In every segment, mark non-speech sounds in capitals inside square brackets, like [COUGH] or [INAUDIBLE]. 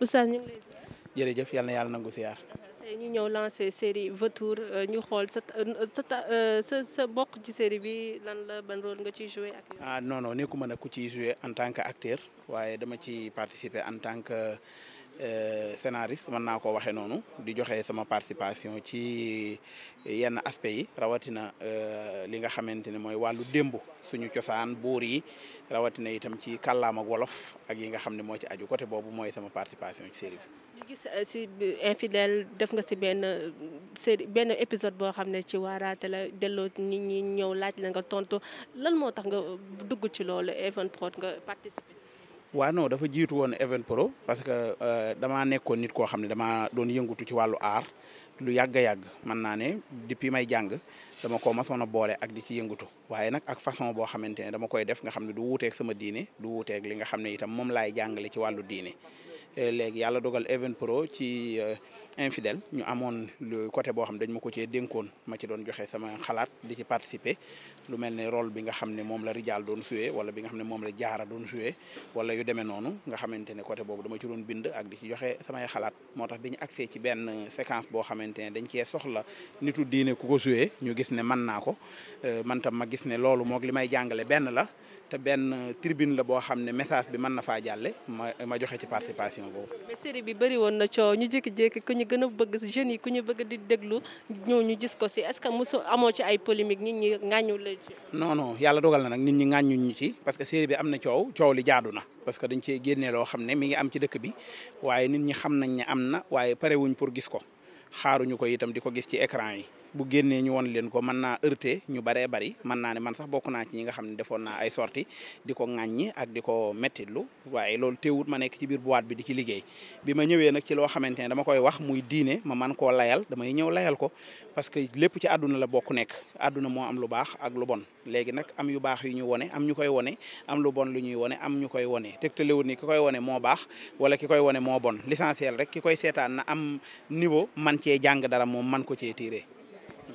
Oustaz ñu ngi lay jërëjëf na yàlla nangu siyaar tey ñu ñëw lancé série Vautour euh, ñu xool sa euh, euh, sa sa bokk ci série bi lan la ban rôle nga ciy joué ak ah non non nekkuma nag ku ciy joué en tant que acteur waaye dama ci participer en tant que Euh, scénariste mën naa ko waxee noonu di joxe sama participation ci euh, yenn aspect yi rawatina euh, li nga xamante ne mooy wàllu démb suñu cosaan buur yi rawatina itam ci kàllaama wolof ak yi nga xam ne moo ci aju côté boobu mooy sama participation ci série bi. ñu def nga si benn série benn épisode boo xam ne ci waaraate la delloo nit ñi ñëw laaj la nga tontu lan moo tax nga dugg ci loolu Evenprod nga participer. waa no dafa jiitu woon event pro parce que euh, damaa nekkoon nit koo xam ne damaa doon yëngutu ci wàllu aar lu yàgg yàgg mën naa ne depuis may jàng dama ko masoon a boole ak di ci yëngutu waaye nag ak façon boo xamante ne dama koy def nga xam ne du wuuteeg sama diine du wuuteeg li nga xam ne itam moom laay jàngale ci wàllu diine Euh, léegi yàlla dogal Event Pro ci euh, infidèle ñu amoon le côté boo xam dañ ma ko cee dénkoon ma ci doon joxe sama xalaat di ci participer lu mel ne rôle bi nga xam ne moom la Rijaal doon joué wala bi nga xam ne moom la Jaara doon joué wala yu demee noonu nga xamante ne côté boobu dama ci doon bind ak di ci joxe samay xalaat moo tax bi ñu accès ci benn euh, séquence boo xamante ne dañ cee soxla nitu diine ku ko joué ñu gis ne man naa ko man tam ma gis ne loolu moog li may jàngale benn la. te benn tribune la boo xam ne message bi mën na faa jàlle ma ma joxe ci participation boobu. mais bi bëri woon na coow ñu jékki-jékki ku ñu gën bëgg si jeunes yi ku ñu bëgg di déglu ñoo ñu gis ko si est-ce que mosu amoo ci ay polémique nit ñi ŋàññu la ci. non non yàlla dogal na nag nit ñi ŋàññu ñu ci parce que série bi am na coow coow li jaadu na. parce que dañ cee génnee loo xam ne mi ngi am ci dëkk bi waaye nit ñi xam nañ ne am na waaye parewuñ pour gis ko xaaruñu ko itam di ko gis ci écran yi. bu génnee ñu won leen ko mën naa heurter ñu baree bari mën naa ne man sax bokk naa ci ñi nga xam ne defoon naa ay sorti di ko ñi ak di ko mettitlu waaye loolu teewut ma nekk ci biir boîte bi di ci liggéey bi ma ñëwee nag ci loo xamante ne dama koy wax muy diine ma man koo layal damay ñëw layal ko parce que lépp ci àdduna la bokk nekk àdduna moo am lu baax ak lu bon léegi nag am yu baax yu ñu wone am ñu koy wone am lu bon lu ñuy wone am ñu koy wone tegtalewut nii ki koy wone moo baax wala ki koy wone moo bon l'essentiel rek koy seetaan na am niveau man cee jàng dara moom man ko cee tiiree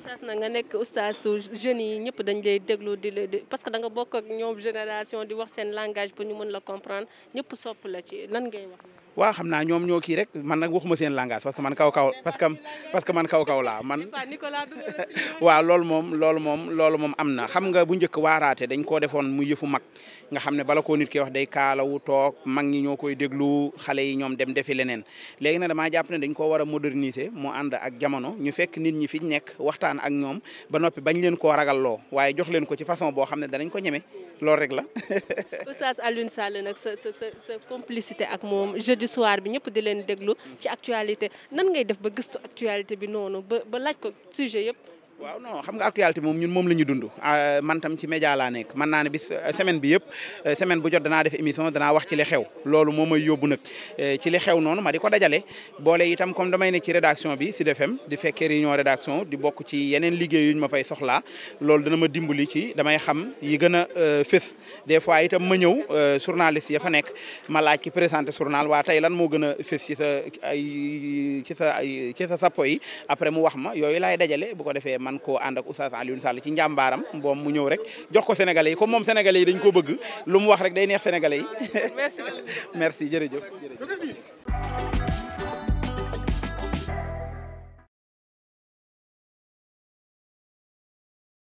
oustaz na nga nekk oustaz su jeunes yi ñëpp dañ lay déglu di la parce que da bokk ak ñoom génération di wax seen langage pour ñu mën la comprendre ñëpp sopp la ci lan ngay wax. waa xam naa ñoom ñoo kii rek man nag waxuma seen langage parce que man kaw kaw parce que parce que man kaw kaw laa man waaw loolu moom loolu moom loolu moom am na xam nga bu njëkk waaraate dañ koo defoon mu yëfu mag nga xam ne bala koo nit ki wax day kaalawu toog mag ñi ñoo koy déglu xale yi ñoom dem defi leneen léegi nag damaa jàpp ne dañ ko war a moderniser mo ànd ak jamono ñu fekk nit ñi fi nekk waxtaan ak ñoom ba noppi bañ leen koo ragalloo waaye jox leen ko ci façon boo xam ne danañ ko ñeme loolu rek la. [LAUGHS] Oustaz Alioune Sall nag sa sa sa complicité ak moom jeudi soir bi ñëpp di leen déglu ci actualité nan ngay def ba gistu actualité bi noonu ba ba laaj ko sujet yëpp. waaw non xam nga actualité moom ñun moom la ñu dund ah, man tam ci média laa nekk man naa ne euh, semaine bi yëpp euh, semaine bu jot danaa def émission danaa wax ci li xew loolu moo may yóbbu nag euh, ci li xew noonu ma di ko dajale boole itam comme damay ne ci rédaction bi si FM di fekkee réunion rédaction di bokk ci yeneen liggéey yu ñu ma fay soxlaa loolu dana ma dimbali ci damay xam yi gën a fës des fois itam ma ñëw journaliste ya fa nekk ma laaj ki présenté journal waa tey lan moo gën a fës ci sa ay ci sa ci sa sappo yi après mu wax ma yooyu laay dajale bu ko man koo ànd ak oustaz Alioune Sall ci njàmbaaram mboom mu ñëw rek jox ko sénégalais yi comme moom sénégalais yi dañ ko bëgg lu mu wax rek day neex sénégalais yi merci [LAUGHS] merci jërëjëf jërëjëf